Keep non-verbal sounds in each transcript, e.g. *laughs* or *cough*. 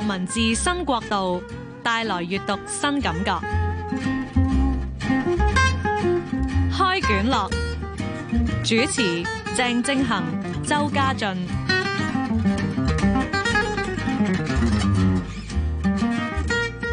文字新國度，帶來閱讀新感覺。開卷樂，主持鄭正恒、周家俊。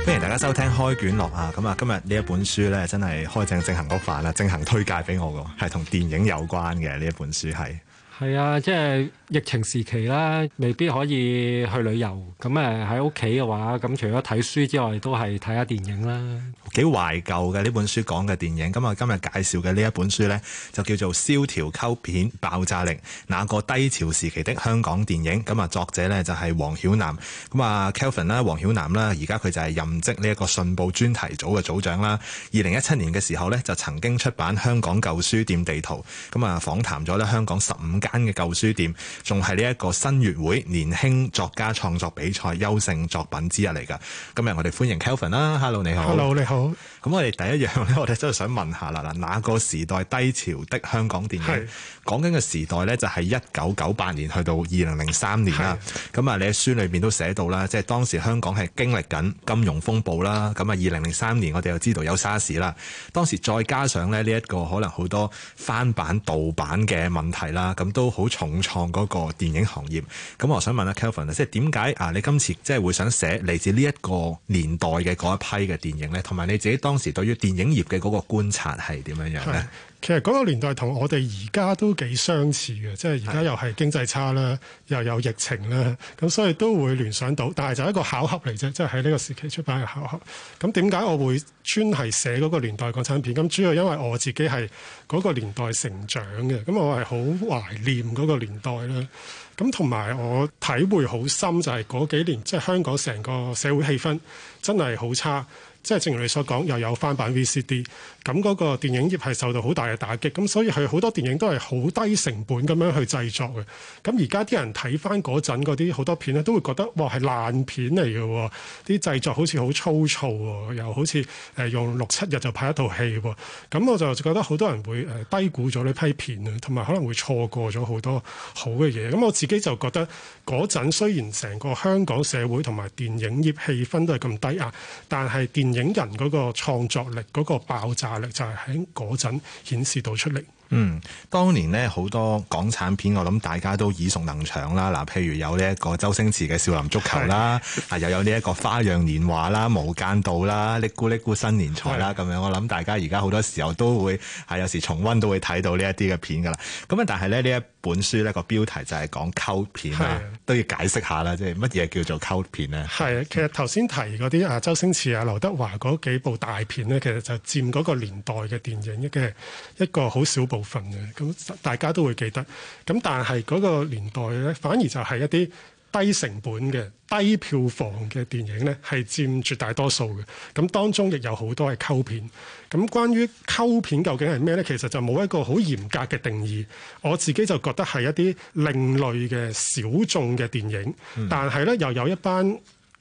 歡迎大家收聽《開卷樂》啊！咁啊，今日呢一本書咧，真係開正正恒個飯啦，正恒推介俾我噶，係同電影有關嘅呢一本書係。係啊，即係疫情時期啦，未必可以去旅遊。咁誒喺屋企嘅話，咁除咗睇書之外，都係睇下電影啦。幾懷舊嘅呢本書講嘅電影。咁啊，今日介紹嘅呢一本書呢，就叫做《蕭條 CULT 片爆炸力：那個低潮時期的香港電影》。咁啊，作者呢就係黃曉南。咁啊，Kelvin 啦，黃曉南啦，而家佢就係任職呢一個信報專題組嘅組長啦。二零一七年嘅時候呢，就曾經出版《香港舊書店地圖》。咁啊，訪談咗呢香港十五間嘅舊書店，仲係呢一個新月會年輕作家創作比賽優勝作品之一嚟噶。今日我哋歡迎 Kelvin 啦，Hello 你好 *music* ，Hello 你好。咁 *music* 我哋第一樣咧，我哋真係想問下啦，嗱，那個時代低潮的香港電影？講緊嘅時代呢，就係一九九八年去到二零零三年啦。咁啊，你喺書裏面都寫到啦，即係當時香港係經歷緊金融風暴啦。咁啊，二零零三年我哋又知道有沙士 SARS 啦。當時再加上咧呢一個可能好多翻版盜版嘅問題啦，咁。都好重創嗰個電影行業，咁我想問下，Kelvin 啊，即係點解啊？你今次即係會想寫嚟自呢一個年代嘅嗰一批嘅電影呢？同埋你自己當時對於電影業嘅嗰個觀察係點樣樣呢？其實嗰個年代同我哋而家都幾相似嘅，即係而家又係經濟差啦，又有疫情啦，咁所以都會聯想到。但係就係一個巧合嚟啫，即係喺呢個時期出版嘅巧合。咁點解我會專係寫嗰個年代港產片？咁主要因為我自己係嗰個年代成長嘅，咁我係好懷念嗰個年代啦。咁同埋我體會好深就，就係嗰幾年即係香港成個社會氣氛真係好差。即係正如你所講，又有翻版 VCD。咁嗰個電影業係受到好大嘅打擊，咁所以係好多電影都係好低成本咁樣去製作嘅。咁而家啲人睇翻嗰陣嗰啲好多片咧，都會覺得哇係爛片嚟嘅，啲製作好似好粗糙，又好似誒、呃、用六七日就拍一套戲喎。咁我就覺得好多人會誒低估咗呢批片啊，同埋可能會錯過咗好多好嘅嘢。咁我自己就覺得嗰陣雖然成個香港社會同埋電影業氣氛都係咁低壓，但係電影人嗰個創作力嗰、嗰個爆炸。壓力就係喺嗰陣顯示到出嚟。嗯，當年呢，好多港產片，我諗大家都耳熟能詳啦。嗱，譬如有呢一個周星馳嘅《少林足球》啦的，啊，又有呢一個《花樣年華》啦，《無間道》啦，《嚦咕嚦咕新年財》啦的，咁樣我諗大家而家好多時候都會係有時重温都會睇到呢一啲嘅片噶啦。咁啊，但係咧呢一本書咧個標題就係講 CULT 片啊。的都要解釋下啦，即係乜嘢叫做 CULT 片咧？係啊，其實頭先提嗰啲啊，周星馳啊、劉德華嗰幾部大片咧，其實就佔嗰個年代嘅電影嘅一個好少部分嘅，咁大家都會記得。咁但係嗰個年代咧，反而就係一啲低成本嘅低票房嘅電影呢，係佔絕大多數嘅。咁當中亦有好多係 cult 片。咁關於 cult 片究竟係咩呢？其實就冇一個好嚴格嘅定義。我自己就覺得係一啲另類嘅小眾嘅電影。嗯、但係呢，又有一班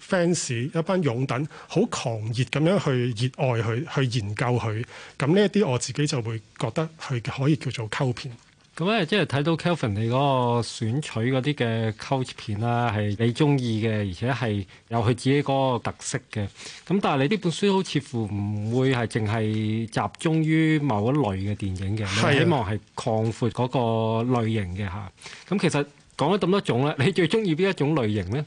fans、一班擁躉，好狂熱咁樣去熱愛佢、去研究佢。咁呢一啲我自己就會覺得佢可以叫做 cult 片。咁咧、嗯，即係睇到 Kelvin 你嗰個選取嗰啲嘅 cult 片啦，係你中意嘅，而且係有佢自己嗰個特色嘅。咁但係你呢本書好似乎唔會係淨係集中於某一類嘅電影嘅，啊、希望係擴闊嗰個類型嘅嚇。咁其實講咗咁多種咧，你最中意邊一種類型咧？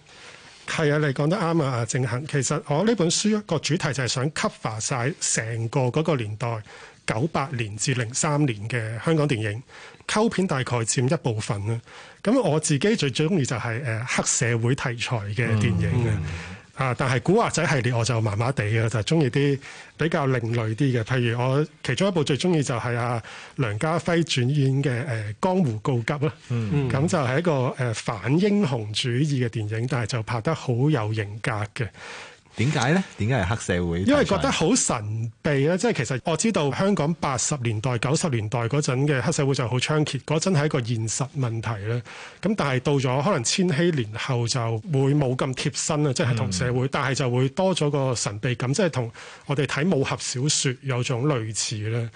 係啊，你講得啱啊，正恒，其實我呢本書一個主題就係想 cover 晒成個嗰個年代九八年至零三年嘅香港電影。Cult 片大概佔一部分啦，咁我自己最最中意就係、是、誒、呃、黑社會題材嘅電影啊，嗯嗯、啊！但係古惑仔系列我就麻麻地啦，就係中意啲比較另類啲嘅，譬如我其中一部最中意就係阿、啊、梁家輝轉演嘅誒、呃《江湖告急》啦、嗯，咁、嗯、就係一個誒、呃、反英雄主義嘅電影，但係就拍得好有型格嘅。點解呢？點解係黑社會？因為覺得好神秘呢，即係其實我知道香港八十年代、九十年代嗰陣嘅黑社會就好猖獗，嗰陣係一個現實問題咧。咁但係到咗可能千禧年後就會冇咁貼身啊，即係同社會，但係就會多咗個神秘感，即係同我哋睇武俠小說有種類似咧。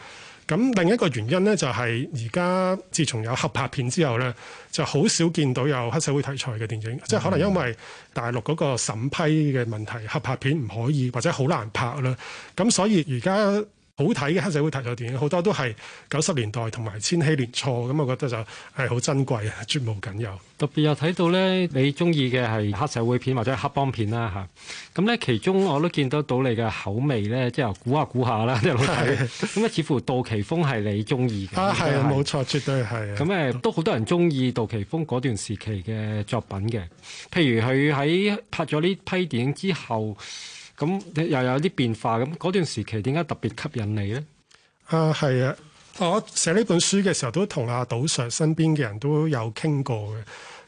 咁另一個原因咧，就係而家自從有合拍片之後咧，就好少見到有黑社會題材嘅電影，即係可能因為大陸嗰個審批嘅問題，合拍片唔可以，或者好難拍啦。咁所以而家，好睇嘅黑社會題材電影，好多都係九十年代同埋千禧年初咁，我覺得就係好珍貴啊，絕無僅有。特別又睇到咧，你中意嘅係黑社會片或者黑幫片啦嚇。咁咧，其中我都見得到你嘅口味咧，即係估下估下啦，即睇？咁咧的，似乎杜琪峰係你中意嘅。啊的，係冇、就是、錯，絕對係。咁誒，都好多人中意杜琪峰嗰段時期嘅作品嘅，譬如佢喺拍咗呢批電影之後。咁又有啲變化，咁嗰段時期點解特別吸引你呢？啊，係啊！我寫呢本書嘅時候，都同阿杜 Sir 身邊嘅人都有傾過嘅。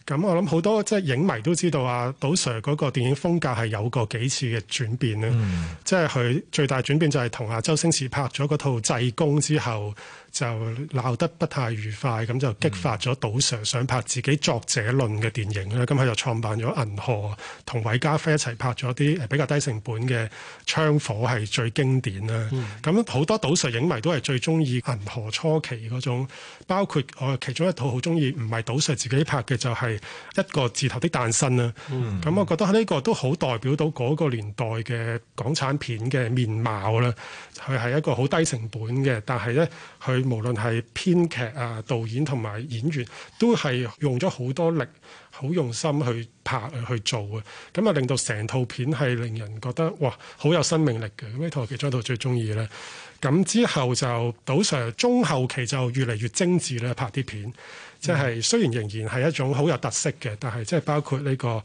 咁我諗好多即係影迷都知道，阿杜 Sir 嗰個電影風格係有過幾次嘅轉變咧。嗯、即係佢最大轉變就係同阿周星馳拍咗嗰套《濟公》之後。就鬧得不太愉快，咁就激發咗杜 Sir 想拍自己作者論嘅電影啦。咁佢就創辦咗銀河，同韋家輝一齊拍咗啲比較低成本嘅槍火，係最經典啦。咁好多杜 Sir 影迷都係最中意銀河初期嗰種，包括我其中一套好中意，唔係杜 Sir 自己拍嘅，就係、是、一個字頭的誕生啦。咁我覺得呢個都好代表到嗰個年代嘅港產片嘅面貌啦。佢係一個好低成本嘅，但係呢。佢。無論係編劇啊、導演同埋演員，都係用咗好多力、好用心去拍、去做嘅，咁啊令到成套片係令人覺得哇，好有生命力嘅。咁呢套其中一套最中意咧，咁之後就杜 Sir 中後期就越嚟越精緻咧，拍啲片。即係雖然仍然係一種好有特色嘅，但係即係包括呢、這個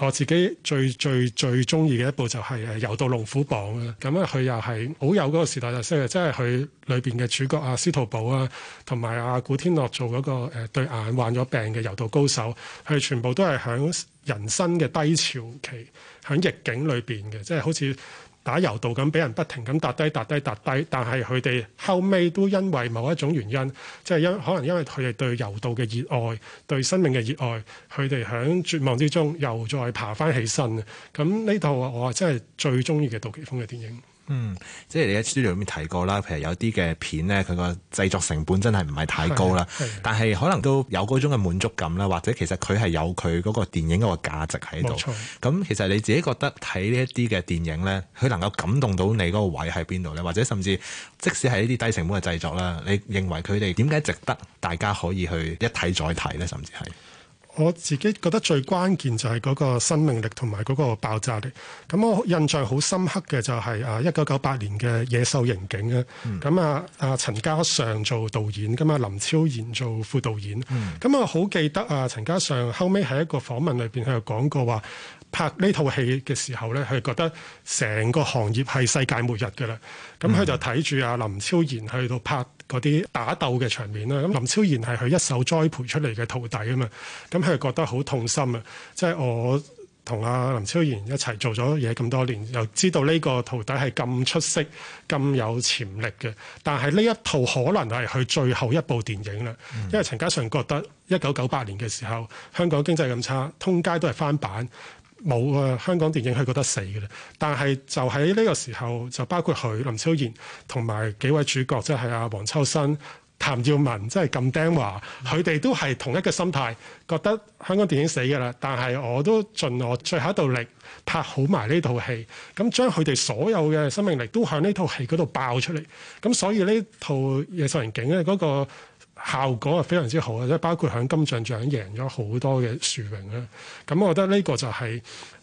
我自己最最最鍾意嘅一部就係《誒柔道龍虎榜》啦。咁啊，佢又係好有嗰個時代特色嘅，即係佢裏邊嘅主角阿司徒寶啊，同埋阿古天樂做嗰、那個誒、呃、對眼患咗病嘅柔道高手，佢全部都係喺人生嘅低潮期，喺逆境裏邊嘅，即係好似。打柔道咁俾人不停咁打低打低打低，低，但係佢哋後尾都因為某一種原因，即係因可能因為佢哋對柔道嘅熱愛，對生命嘅熱愛，佢哋響絕望之中又再爬翻起身嘅。咁呢套我真係最中意嘅杜琪峰嘅電影。嗯，即係你喺書裏面提過啦，譬如有啲嘅片咧，佢個製作成本真係唔係太高啦，但係可能都有嗰種嘅滿足感啦，或者其實佢係有佢嗰個電影嗰個價值喺度。咁冇錯。其實你自己覺得睇呢一啲嘅電影咧，佢能夠感動到你嗰個位喺邊度咧？或者甚至即使係呢啲低成本嘅製作啦，你認為佢哋點解值得大家可以去一睇再睇咧？甚至係。我自己覺得最關鍵就係嗰個生命力同埋嗰個爆炸力。咁我印象好深刻嘅就係誒一九九八年嘅野獸刑警咧。咁、嗯、啊啊陳嘉上做導演噶嘛，林超賢做副導演。咁啊、嗯、我好記得啊陳嘉上後尾喺一個訪問裏邊佢講過話，拍呢套戲嘅時候咧，佢覺得成個行業係世界末日噶啦。咁佢、嗯、就睇住啊林超賢去到拍。嗰啲打鬥嘅場面啦，咁林超賢係佢一手栽培出嚟嘅徒弟啊嘛，咁佢覺得好痛心、就是、啊！即係我同阿林超賢一齊做咗嘢咁多年，又知道呢個徒弟係咁出色、咁有潛力嘅，但係呢一套可能係佢最後一部電影啦，嗯、因為陳嘉上覺得一九九八年嘅時候香港經濟咁差，通街都係翻版。冇啊！香港電影係覺得死嘅啦，但係就喺呢個時候，就包括佢林超賢同埋幾位主角，即係阿黃秋生、譚耀文，即係咁釘話，佢哋、嗯、都係同一個心態，覺得香港電影死嘅啦。但係我都盡我最後一度力拍好埋呢套戲，咁將佢哋所有嘅生命力都向呢套戲嗰度爆出嚟。咁所以套野呢套《野獸刑警》咧嗰個。效果係非常之好嘅，即係包括喺金像獎贏咗好多嘅殊榮啦。咁我覺得呢個就係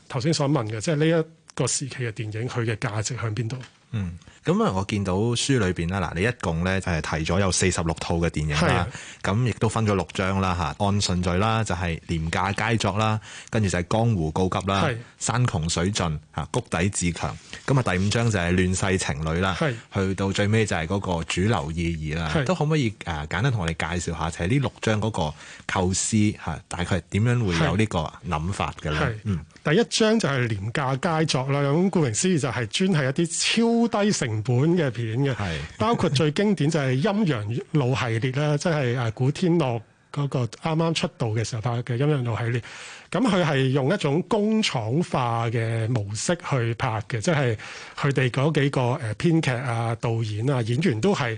頭先所問嘅，即係呢一個時期嘅電影，佢嘅價值向邊度？嗯，咁啊，我見到書裏邊啦，嗱，你一共咧就係、是、提咗有四十六套嘅電影啦，咁亦都分咗六章啦嚇，按順序啦，就係廉價佳作啦，跟住就係江湖告急啦，的山窮水盡嚇，谷底自強，咁啊第五章就係亂世情侶啦，去的到最尾就係嗰個主流意義啦，都的可唔可以誒簡單同我哋介紹下，就係呢六章嗰個構思嚇，大概點樣會有個呢個諗法嘅咧？嗯、第一章就係廉價佳作啦，咁顧名思義就係專係一啲超低成本嘅片嘅，是 *laughs* 包括最經典就係《陰陽路》系列啦，即係誒古天樂嗰個啱啱出道嘅時候拍嘅《陰陽路》系列，咁佢係用一種工廠化嘅模式去拍嘅，即係佢哋嗰幾個誒編劇啊、導演啊、演員都係。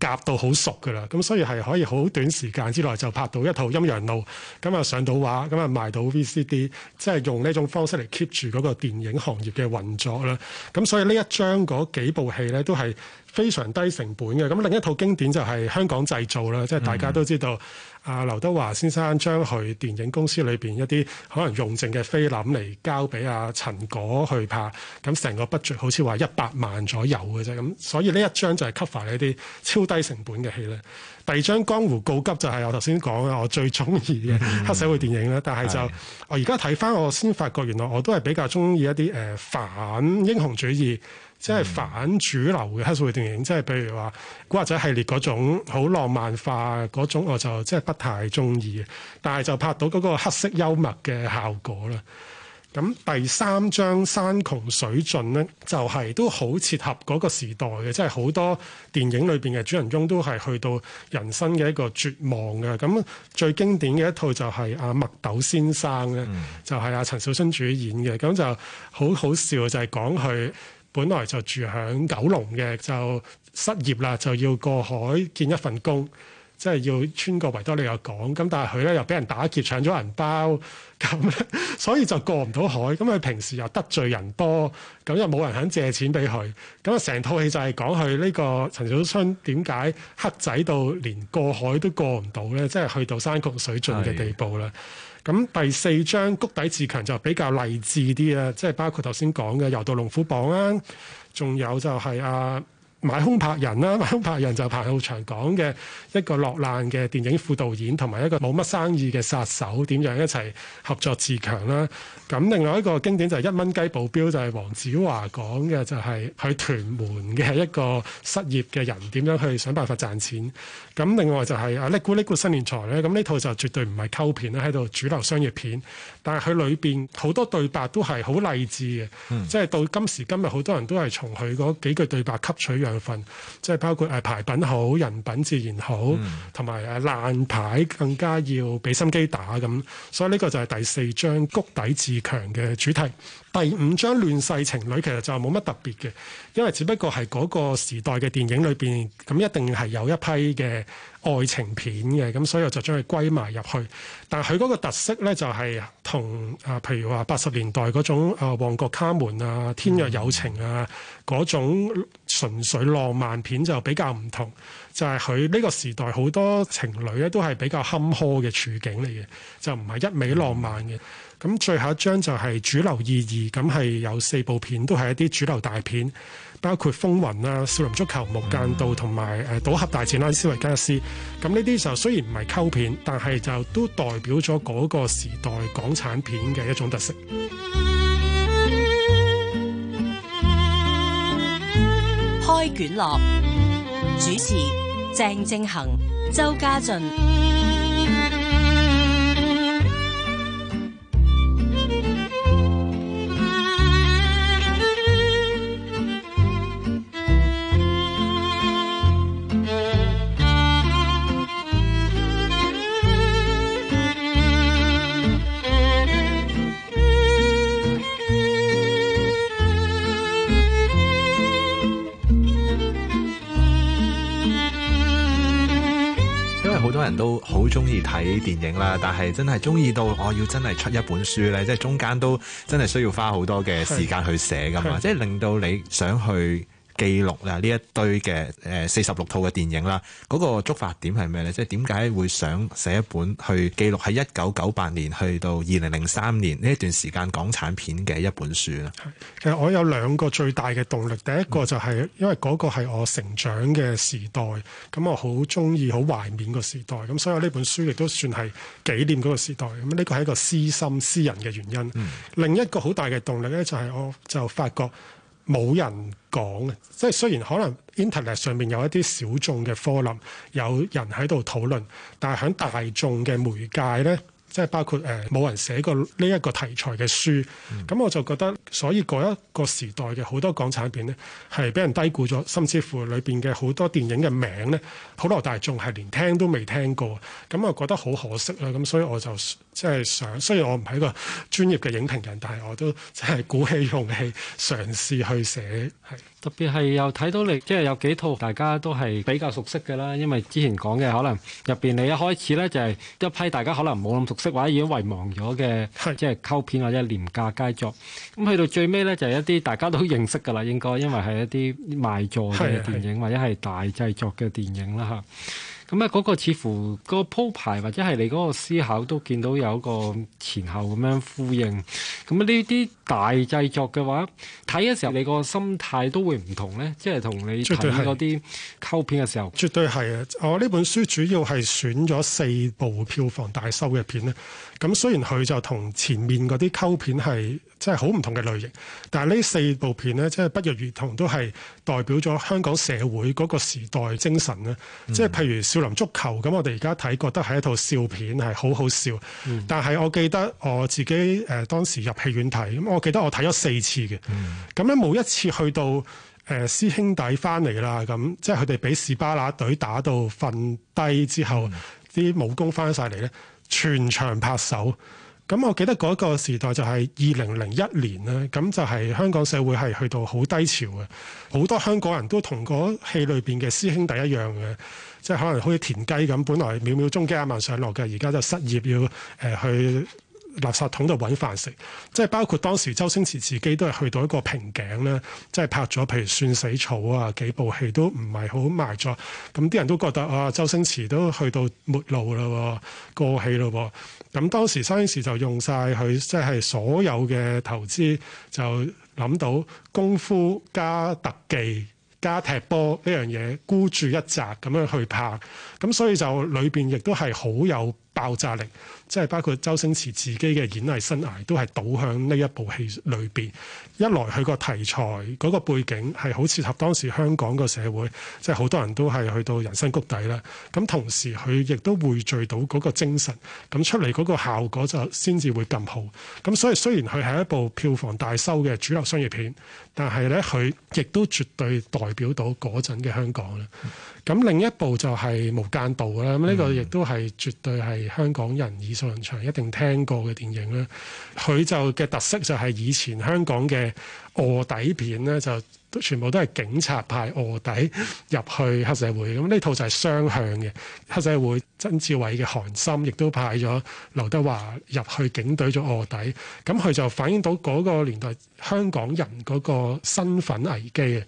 夾到好熟㗎啦，咁所以係可以好短時間之內就拍到一套《陰陽路》，咁啊上到畫，咁啊賣到 VCD，即係用呢種方式嚟 keep 住嗰個電影行業嘅運作啦。咁所以呢一張嗰幾部戲呢，都係非常低成本嘅。咁另一套經典就係香港製造啦，即係大家都知道。嗯啊，劉德華先生將佢電影公司裏邊一啲可能用剩嘅菲林嚟交俾阿、啊、陳果去拍，咁成個 budget 好似話一百萬左右嘅啫，咁所以呢一張就係 cover 呢啲超低成本嘅戲咧。第二張《江湖告急》就係、是、我頭先講嘅我最中意嘅黑社會電影咧，嗯、但係就的我而家睇翻，我先發覺原來我都係比較中意一啲誒、呃、反英雄主義。即係反主流嘅黑色電影，嗯、即係譬如話《古惑仔》系列嗰種好浪漫化嗰種，我就即係不太中意，但係就拍到嗰個黑色幽默嘅效果啦。咁第三章《山窮水盡》呢，就係、是、都好切合嗰個時代嘅，即係好多電影裏邊嘅主人翁都係去到人生嘅一個絕望嘅。咁最經典嘅一套就係阿、啊、麥豆先生咧，嗯、就係阿、啊、陳小春主演嘅。咁就好好笑，就係、是、講佢。本來就住喺九龍嘅，就失業啦，就要過海見一份工，即係要穿過維多利亞港。咁但係佢咧又俾人打劫，搶咗銀包，咁所以就過唔到海。咁佢平時又得罪人多，咁又冇人肯借錢俾佢。咁啊，成套戲就係講佢呢個陳小春點解黑仔到連過海都過唔到呢？即係去到山窮水盡嘅地步啦。咁第四章谷底自強就比較勵志啲啊，即係包括頭先講嘅柔道龍虎榜啊，仲有就係啊。買兇拍人啦，買兇拍人就彭浩翔講嘅一個落難嘅電影副導演，同埋一個冇乜生意嘅殺手，點樣一齊合作自強啦。咁另外一個經典就係一蚊雞保鏢，就係、是、黃子華講嘅，就係去屯門嘅一個失業嘅人，點樣去想辦法賺錢。咁另外就係、是、啊叻古叻古新年財咧，咁呢套就絕對唔係 cult 片啦，喺度主流商業片，但係佢裏邊好多對白都係好勵志嘅，即係、嗯、到今時今日好多人都係從佢嗰幾句對白吸取份，即係包括誒，牌品好，人品自然好，同埋誒，爛牌更加要俾心機打咁，所以呢個就係第四章谷底自強嘅主題。第五章亂世情侶其實就冇乜特別嘅，因為只不過係嗰個時代嘅電影裏邊咁，一定係有一批嘅愛情片嘅，咁所以我就將佢歸埋入去。但係佢嗰個特色呢，就係同誒，譬如話八十年代嗰種、呃、旺角卡門啊、天若有情啊嗰、嗯、種。純粹浪漫片就比較唔同，就係佢呢個時代好多情侶咧都係比較坎坷嘅處境嚟嘅，就唔係一味浪漫嘅。咁最後一張就係主流意義，咁係有四部片都係一啲主流大片，包括《風雲》啦、《少林足球》、《無間道》同埋誒《賭俠大戰拉斯維加斯》。咁呢啲就雖然唔係溝片，但係就都代表咗嗰個時代港產片嘅一種特色。開卷樂，主持鄭正恒、周家俊。都好中意睇電影啦，但係真係中意到我要真係出一本書呢，即係中間都真係需要花好多嘅時間去寫噶嘛，即係的令到你想去。記錄啊！呢一堆嘅誒四十六套嘅電影啦，嗰個觸發點係咩呢？即係點解會想寫一本去記錄喺一九九八年去到二零零三年呢一段時間港產片嘅一本書呢？其實我有兩個最大嘅動力，第一個就係因為嗰個係我成長嘅時代，咁我好中意好懷緬個時代，咁所以我呢本書亦都算係紀念嗰個時代。咁呢個係一個私心私人嘅原因。嗯、另一個好大嘅動力呢，就係我就發覺。冇人講嘅，即係雖然可能 Internet 上面有一啲小眾嘅科林有人喺度討論，但係喺大眾嘅媒介呢，即係包括誒冇、呃、人寫過呢一個題材嘅書，咁、嗯、我就覺得，所以嗰一個時代嘅好多港產片呢，係俾人低估咗，甚至乎裏邊嘅好多電影嘅名呢，普羅大眾係連聽都未聽過，咁我覺得好可惜啦，咁所以我就。即係想，雖然我唔係一個專業嘅影評人，但係我都真係鼓起勇氣嘗試去寫。係特別係又睇到你，即係有幾套大家都係比較熟悉嘅啦。因為之前講嘅可能入邊你一開始呢就係一批大家可能冇咁熟悉或者已經遺忘咗嘅，的即係溝片或者廉價佳作。咁去到最尾呢，就係一啲大家都認識嘅啦，應該因為係一啲賣座嘅電影的或者係大製作嘅電影啦嚇。咁啊，嗰個似乎個鋪排或者係你嗰個思考都見到有個前後咁樣呼應。咁啊，呢啲大製作嘅話，睇嘅時候你個心態都會唔同咧，即係同你睇嗰啲溝片嘅時候。絕對係啊！我呢本書主要係選咗四部票房大收嘅片咧。咁雖然佢就同前面嗰啲溝片係即係好唔同嘅類型，但係呢四部片咧，即係不約而同都係代表咗香港社會嗰個時代精神咧。即係譬如。《少林足球》咁，我哋而家睇覺得係一套笑片，係好好笑。但係我記得我自己誒、呃、當時入戲院睇，咁我記得我睇咗四次嘅。咁咧每一次去到誒、呃、師兄弟翻嚟啦，咁即係佢哋俾士巴拿隊打到瞓低之後啲、嗯、武功翻晒嚟咧，全場拍手。咁我記得嗰個時代就係二零零一年啦，咁就係香港社會係去到好低潮嘅，好多香港人都同嗰戲裏邊嘅師兄弟一樣嘅。即係可能好似田雞咁，本來秒秒鐘幾百萬上落嘅，而家就失業要誒、呃、去垃圾桶度揾飯食。即係包括當時周星馳自己都係去到一個瓶頸啦，即係拍咗譬如《算死草》啊幾部戲都唔係好賣座。咁啲人都覺得啊，周星馳都去到末路啦、啊，過氣啦、啊。咁當時周星馳就用晒佢即係所有嘅投資，就諗到功夫加特技，加踢波呢樣嘢孤注一擲咁樣去拍，咁所以就裏邊亦都係好有。爆炸力，即係包括周星馳自己嘅演藝生涯都係倒向呢一部戲裏邊。一來佢個題材嗰個背景係好切合當時香港個社會，即係好多人都係去到人生谷底啦。咁同時佢亦都匯聚到嗰個精神，咁出嚟嗰個效果就先至會更好。咁所以雖然佢係一部票房大收嘅主流商業片，但係咧佢亦都絕對代表到嗰陣嘅香港啦。咁另一部就係《無間道》啦，咁呢個亦都係絕對係。香港人耳熟能詳，一定聽過嘅電影咧，佢就嘅特色就係以前香港嘅臥底片咧，就全部都係警察派臥底入去黑社會。咁呢套就係雙向嘅黑社會，曾志偉嘅韓琛亦都派咗劉德華入去警隊做臥底。咁佢就反映到嗰個年代香港人嗰個身份危機啊！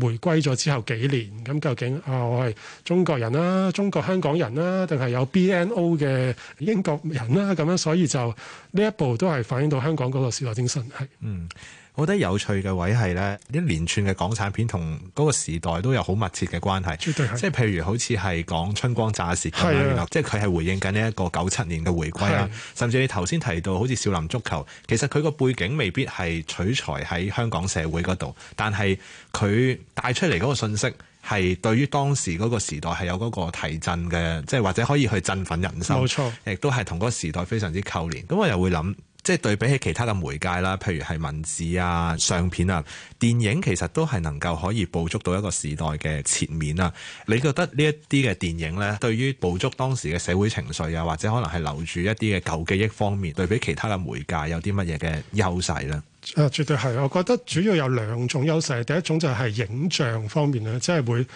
回歸咗之後幾年，咁究竟啊我係中國人啦、啊、中國香港人啦、啊，定係有 BNO 嘅英國人啦、啊？咁樣所以就呢一部都係反映到香港嗰個時代精神係。我覺得有趣嘅位係咧，一連串嘅港產片同嗰個時代都有好密切嘅關係，即係對譬如好似係講春光乍泄咁樣，即係佢係回應緊呢一個九七年嘅回歸啦。的甚至你頭先提到好似少林足球，其實佢個背景未必係取材喺香港社會嗰度，但係佢帶出嚟嗰個信息係對於當時嗰個時代係有嗰個提振嘅，即係或者可以去振奮人心。冇錯，亦都係同嗰個時代非常之扣連。咁我又會諗。即係對比起其他嘅媒介啦，譬如係文字啊、相片啊、電影，其實都係能夠可以捕捉到一個時代嘅切面啊！你覺得呢一啲嘅電影呢，對於捕捉當時嘅社會情緒啊，或者可能係留住一啲嘅舊記憶方面，對比其他嘅媒介有啲乜嘢嘅優勢呢？誒、啊，絕對係！我覺得主要有兩種優勢，第一種就係影像方面啦，即係會。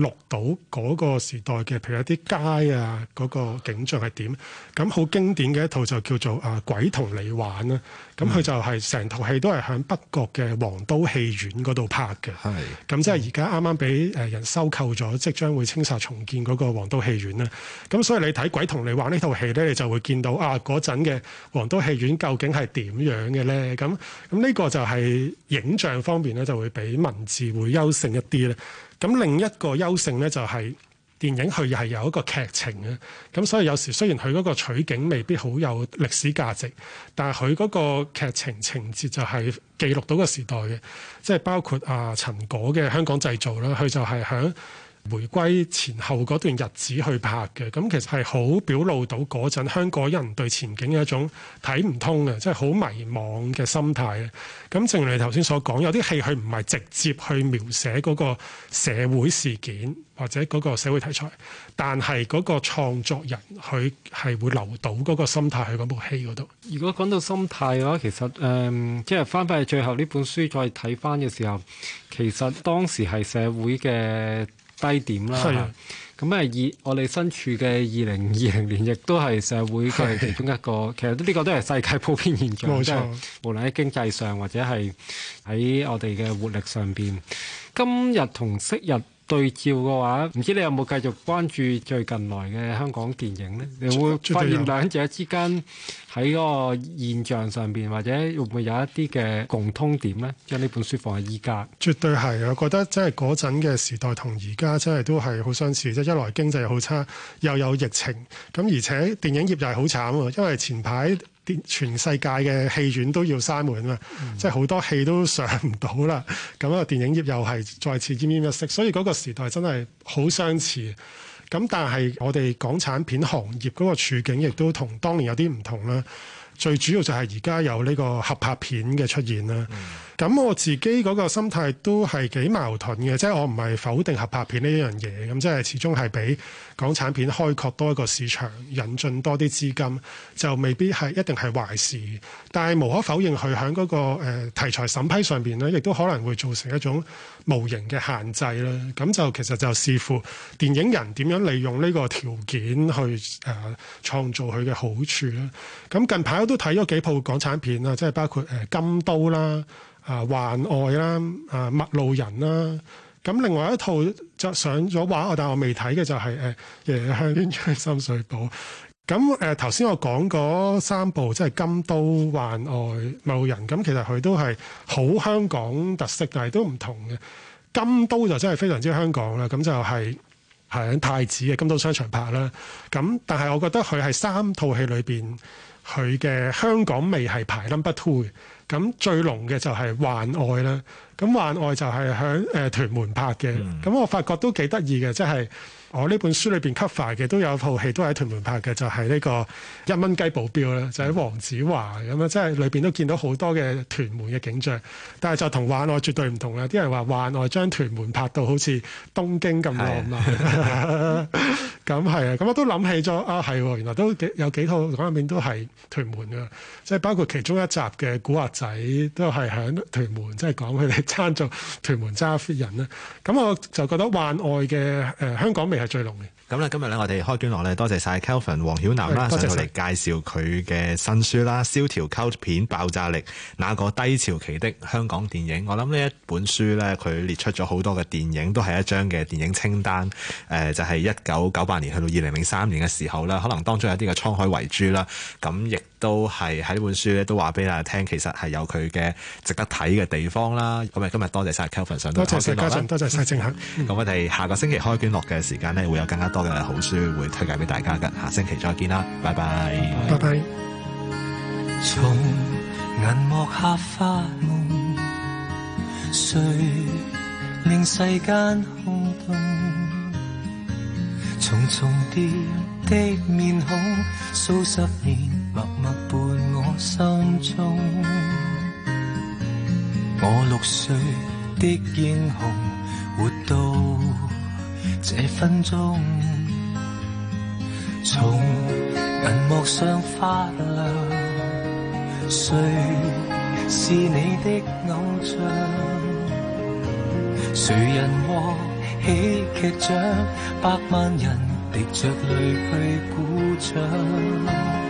錄到嗰個時代嘅，譬如一啲街啊，嗰、那個景象係點？咁好經典嘅一套就叫做《啊鬼同你玩》啦。咁佢、嗯、就係成套戲都係喺北角嘅黃都戲院嗰度拍嘅。係是。咁即係而家啱啱俾誒人收購咗，嗯、即將會清拆重建嗰個黃都戲院啦。咁所以你睇《鬼同你玩》呢套戲咧，你就會見到啊嗰陣嘅黃都戲院究竟係點樣嘅咧？咁咁呢個就係影像方面咧，就會比文字會優勝一啲咧。咁另一個優勝咧，就係電影佢係有一個劇情嘅。咁所以有時雖然佢嗰個取景未必好有歷史價值，但係佢嗰個劇情情節就係記錄到個時代嘅，即係包括啊陳果嘅香港製造啦，佢就係響。回歸前後嗰段日子去拍嘅，咁其實係好表露到嗰陣香港人對前景嘅一種睇唔通啊，即係好迷茫嘅心態啊。咁正如你頭先所講，有啲戲佢唔係直接去描寫嗰個社會事件或者嗰個社會題材，但係嗰個創作人佢係會留到嗰個心態去嗰部戲嗰度。如果講到心態嘅話，其實誒、嗯，即係翻返去最後呢本書再睇翻嘅時候，其實當時係社會嘅。低點啦，咁誒的，二我哋身處嘅二零二零年，亦都係社會嘅其中一個，的其實呢個都係世界普遍現象，冇錯即係無論喺經濟上或者係喺我哋嘅活力上邊，今日同昔日。對照嘅話，唔知你有冇繼續關注最近來嘅香港電影呢？你會發現兩者之間喺個現象上邊，或者會唔會有一啲嘅共通點呢？將呢本書放喺依家，絕對係。我覺得真係嗰陣嘅時代同而家真係都係好相似。即一來經濟又好差，又有疫情，咁而且電影業又係好慘喎。因為前排。全世界嘅戲院都要閂門啦，嗯、即係好多戲都上唔到啦。咁啊，電影業又係再次奄奄一息，所以嗰個時代真係好相似。咁但係我哋港產片行業嗰個處境亦都同當年有啲唔同啦。最主要就係而家有呢個合拍片嘅出現啦。咁，嗯，我自己個心態都係幾矛盾嘅，即係我唔係否定合拍片呢一樣嘢。咁即係始終係俾港產片開闊多一個市場，引進多啲資金，就未必係一定係壞事。但係無可否認佢響個誒題材審批上邊咧，亦都可能會造成一種無形嘅限制啦。咁就其實就視乎電影人點樣利用呢個條件去誒創造佢嘅好處啦。咁近排。我都睇咗幾套港產片啊，即係包括誒《金都》啦、啊《幻愛》啦、啊《陌路人》啦。咁另外一套就上咗畫，但我未睇嘅就係、是、誒《夜香、鴛鴦、深水埗》。咁誒頭先我講嗰三部，即係《金都》、《幻愛》、《陌路人》，咁其實佢都係好香港特色，但係都唔同嘅。《金都》就真係非常之香港啦，咁就係係喺太子嘅金都商場拍啦。咁但係我覺得佢係三套戲裏邊。佢嘅香港味係排 number two 嘅，咁最濃嘅就係幻愛啦。咁幻愛就係喺誒屯門拍嘅，咁、嗯、我發覺都幾得意嘅，即、就、係、是、我呢本書裏邊 cover 嘅，都有套戲都喺屯門拍嘅，就係、是、呢、這個一蚊雞保鏢啦，就喺、是、黃子華咁啊，即係裏邊都見到好多嘅屯門嘅景象，但係就同幻愛絕對唔同啊！啲人話幻愛將屯門拍到好似東京咁浪漫，咁係的 *laughs* *laughs* 啊！咁我都諗起咗啊，係原來都幾有幾套講入面都係屯門嘅，即、就、係、是、包括其中一集嘅古惑仔都係喺屯門，即係講佢哋。撐做屯門揸飛人咧，咁我就覺得幻外嘅誒、呃、香港味係最濃嘅。咁咧今日咧我哋開端落咧，多謝晒 Kelvin 黃曉南啦，的上嚟介紹佢嘅新書啦，的《蕭條 CULT 片爆炸力：那個低潮期的香港電影》。我諗呢一本書咧，佢列出咗好多嘅電影，都係一張嘅電影清單。誒、呃、就係一九九八年去到二零零三年嘅時候啦，可能當中有一啲嘅滄海遺珠啦。咁亦都係喺本書咧，都話俾大家聽，其實係有佢嘅值得睇嘅地方啦。咁啊，今日多謝晒 Kelvin 上到台度啦。多謝謝嘉俊，多謝晒正客。咁我哋下個星期開卷落嘅時間呢，會有更加多嘅好書會推介俾大家㗎。下星期再見啦，拜拜，拜拜 bye。Bye bye 從銀幕下發夢，誰令世間空洞？重重疊的面孔，數十年。默默伴我心中，我六歲的英雄活到這分鐘，從銀幕上發亮，誰是你的偶像？誰人獲喜劇獎？百萬人滴着淚去鼓掌。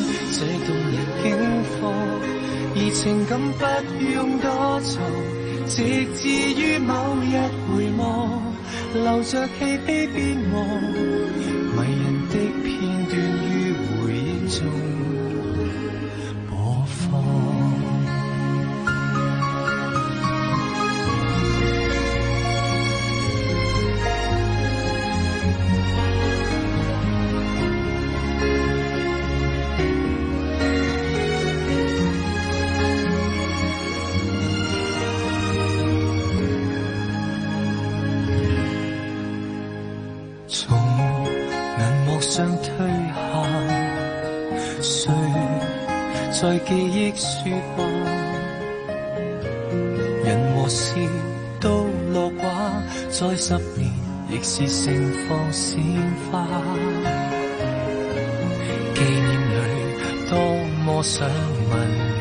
最動人景況，而情感不用多藏，直至於某日回望，流着喜悲別忘。失眠亦是盛放鮮花。紀念裏多麼想問。